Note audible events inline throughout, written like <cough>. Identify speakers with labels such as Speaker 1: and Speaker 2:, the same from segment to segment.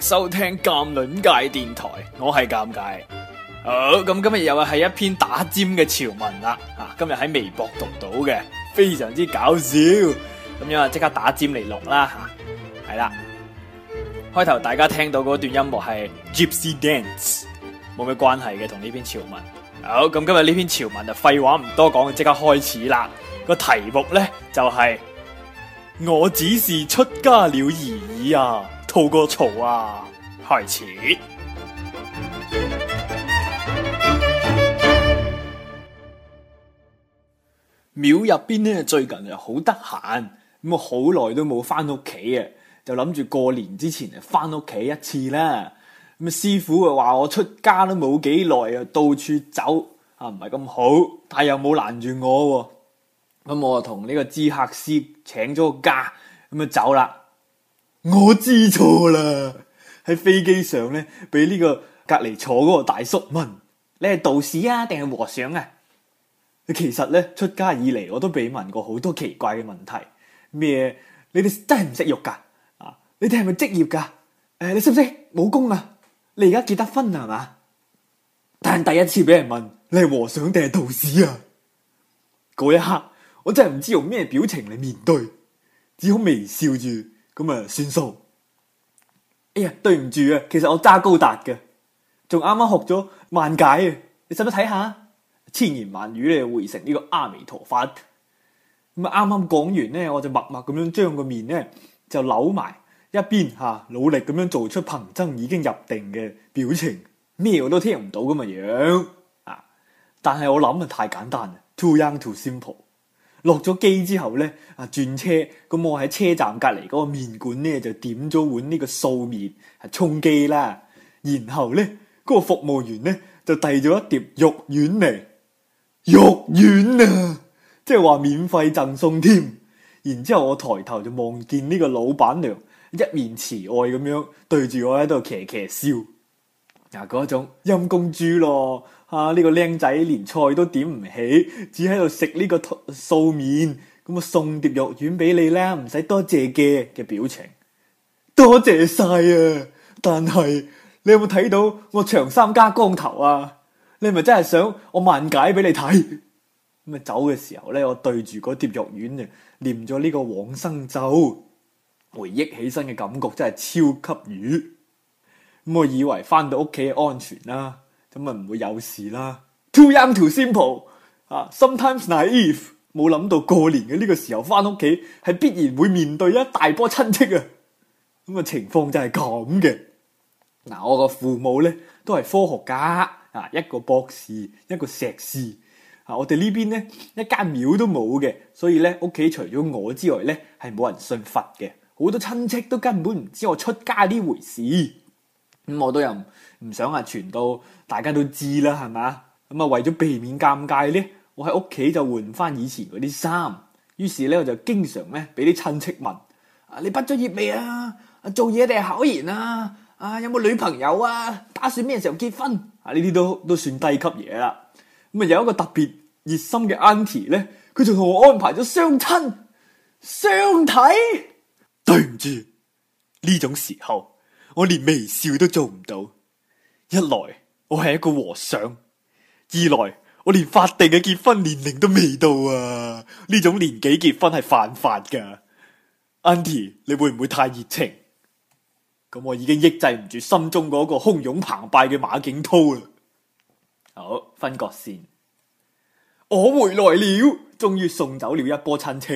Speaker 1: 收聽鑑論界電台，我係鑑界。好，咁今日又係一篇打尖嘅潮文啦。啊，今日喺微博讀到嘅，非常之搞笑。咁樣啊，即刻打尖嚟錄啦吓。係啦，開頭大家聽到嗰段音樂係 Gypsy Dance，冇咩關係嘅，同呢篇潮文。好，咁今日呢篇潮文就廢話唔多講，即刻開始啦。個題目呢，就係我只是出家了而已啊。嘈個嘈啊！開始廟入邊咧，邊最近又好得閒，咁我好耐都冇翻屋企啊，就諗住過年之前啊翻屋企一次啦。咁啊，師傅啊話我出家都冇幾耐啊，到處走啊唔係咁好，但係又冇攔住我喎。咁我就同呢個知客師請咗個假，咁啊走啦。我知錯啦！喺飛機上咧，畀呢個隔籬坐嗰個大叔問：你係道士啊，定係和尚啊？其實咧，出家以嚟，我都被問過好多奇怪嘅問題，咩？你哋真係唔食肉噶？啊，你哋係咪職業噶？誒，你識唔識武功啊？你而家結得婚係嘛？但係第一次俾人問你係和尚定係道士啊，嗰一刻我真係唔知用咩表情嚟面對，只好微笑住。咁啊，算數！哎呀，對唔住啊，其實我揸高達嘅，仲啱啱學咗萬解啊！你使唔使睇下？千言萬語咧，匯成呢個阿彌陀佛。咁啊，啱啱講完咧，我就默默咁樣將個面咧就扭埋一邊吓、啊，努力咁樣做出憑僧已經入定嘅表情，咩我都聽唔到咁嘅樣啊！但係我諗啊，太簡單啦，too young too simple。落咗機之後咧，啊轉車，咁我喺車站隔籬嗰個麵館咧就點咗碗呢個素麵，係充飢啦。然後咧，嗰、嗰個服務員咧就遞咗一碟肉丸嚟，肉丸啊，即係話免費贈送添。然之後我抬頭就望見呢個老闆娘一面慈愛咁樣對住我喺度騎騎笑，嗱嗰種陰公豬咯。啊！呢、這個靚仔連菜都點唔起，只喺度食呢個素麵。咁啊，送碟肉丸俾你啦，唔使多謝嘅嘅表情。多謝晒啊！但係你有冇睇到我長衫加光頭啊？你係咪真係想我慢解俾你睇？咁啊，走嘅時候咧，我對住嗰碟肉丸啊，念咗呢個往生咒。回憶起身嘅感覺真係超級魚。咁我以為翻到屋企安全啦，啊。咁咪唔會有事啦。Too young, too simple。啊，sometimes naive，冇諗到過年嘅呢個時候翻屋企，係必然會面對一大波親戚啊。咁嘅情況就係咁嘅。嗱，我個父母咧都係科學家，啊，一個博士，一個碩士。啊，我哋呢邊咧一間廟都冇嘅，所以咧屋企除咗我之外咧係冇人信佛嘅。好多親戚都根本唔知我出家呢回事。咁我都又唔想話傳到大家都知啦，係嘛？咁啊為咗避免尷尬咧，我喺屋企就換翻以前嗰啲衫。於是咧我就經常咧俾啲親戚問：啊，你畢咗業未啊？做嘢定係考研啊？啊，有冇女朋友啊？打算咩時候結婚？啊，呢啲都都算低級嘢啦。咁啊有一個特別熱心嘅 Auntie 咧，佢仲同我安排咗相親相睇。對唔住，呢種時候。我連微笑都做唔到，一來我係一個和尚，二來我連法定嘅結婚年齡都未到啊！呢種年紀結婚係犯法噶。u n c l 你會唔會太熱情？咁我已經抑制唔住心中嗰個洶湧澎湃嘅馬景濤啊！好分隔線，我回來了，終於送走了一波親戚，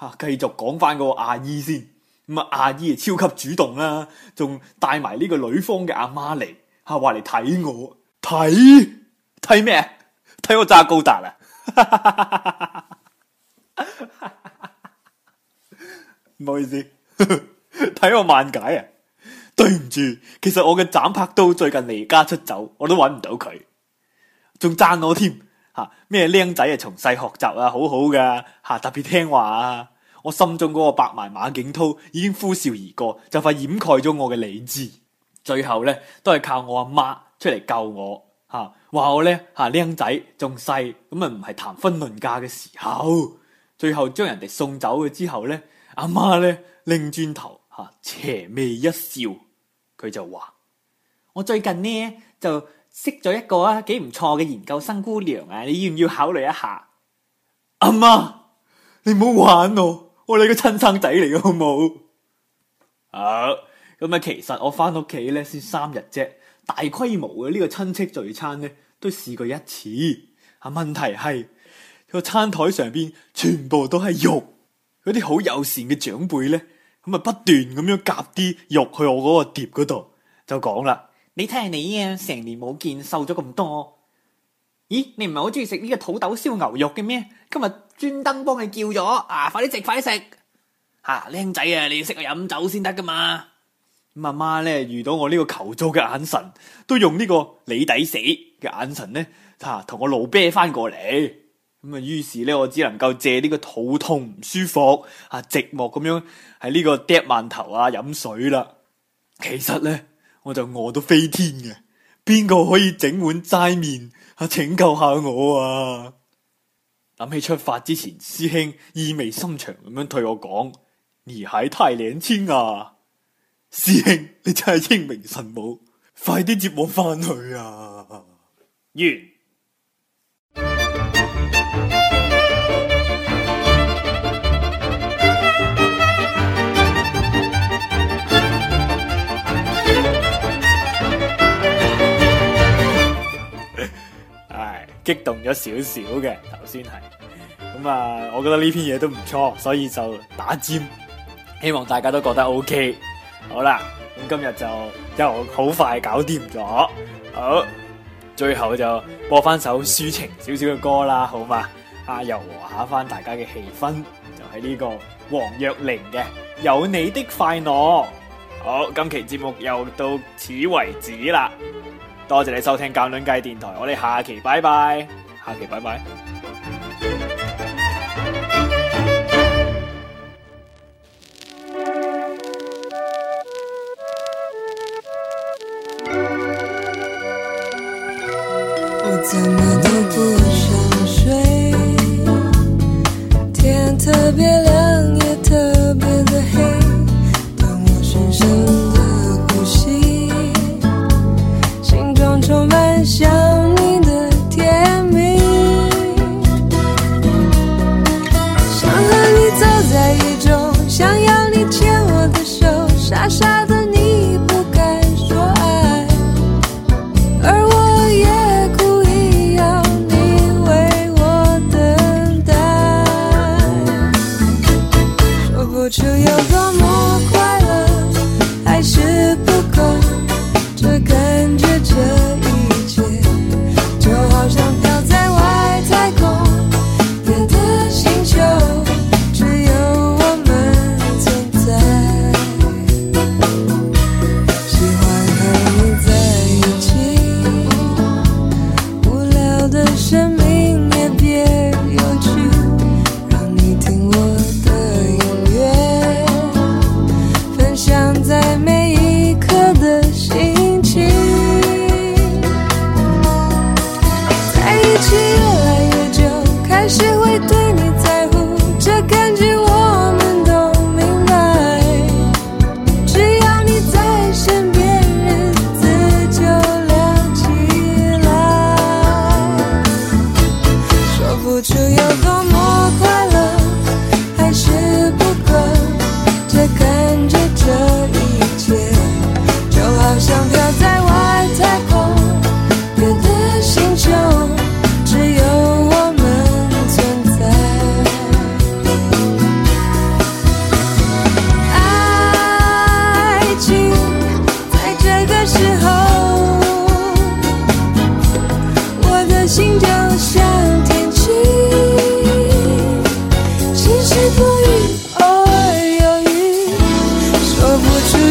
Speaker 1: 吓、啊、繼續講翻個阿姨先。咁啊！阿姨啊，超級主動啦，仲帶埋呢個女方嘅阿媽嚟吓，話嚟睇我，睇睇咩？睇我揸高達啊！ <laughs> 唔好意思，睇 <laughs> 我萬解啊！對唔住，其實我嘅斬拍刀最近離家出走，我都揾唔到佢，仲讚我添吓咩？靚仔啊，從細學習啊，好好噶吓，特別聽話啊！我心中嗰個白埋馬景濤已經呼嘯而過，就快掩蓋咗我嘅理智。最後咧，都係靠我阿媽，媽出嚟救我，吓、啊、話我咧吓靚仔仲細，咁啊唔係談婚論嫁嘅時候。最後將人哋送走嘅之後咧，阿媽咧擰轉，轉頭吓、啊、邪魅一笑，佢就話：我最近咧就識咗一個啊幾唔錯嘅研究生姑娘啊，你要唔要考慮一下？阿媽，你唔好玩我！我、哦、你個親生仔嚟嘅，好冇？好咁啊！其實我翻屋企咧先三日啫，大規模嘅呢個親戚聚餐咧都試過一次。啊，問題係，個餐台上邊全部都係肉，嗰啲好友善嘅長輩咧，咁啊不斷咁樣夾啲肉去我嗰個碟嗰度，就講啦：你睇下你啊，成年冇見，瘦咗咁多？咦，你唔係好中意食呢個土豆燒牛肉嘅咩？今日？專登幫佢叫咗，啊！快啲食，快啲食，吓、啊！靚仔啊，你要識去飲酒先得噶嘛？咁阿媽咧遇到我呢個求助嘅眼神，都用呢、這個你抵死嘅眼神咧，吓同我老啤翻過嚟。咁啊，於是咧我只能夠借呢個肚痛唔舒服，啊，寂寞咁樣喺呢個掉饅頭啊，飲水啦。其實咧，我就餓到飛天嘅，邊個可以整碗齋麵啊拯救下我啊？諗起出發之前，師兄意味深長咁樣對我講：你還太年輕啊！師兄，你真係英明神武，快啲接我翻去啊！完。激動咗少少嘅，頭先係，咁 <laughs> 啊，我覺得呢篇嘢都唔錯，所以就打尖，希望大家都覺得 OK。好啦，咁今日就又好快搞掂咗，好，最後就播翻首抒情少少嘅歌啦，好嘛，啊，又和下翻大家嘅氣氛，就係呢個王若玲嘅有你的快樂。好，今期節目又到此為止啦。多謝你收聽《鑑論界》電台，我哋下期拜拜，下期拜拜。 <music> <music>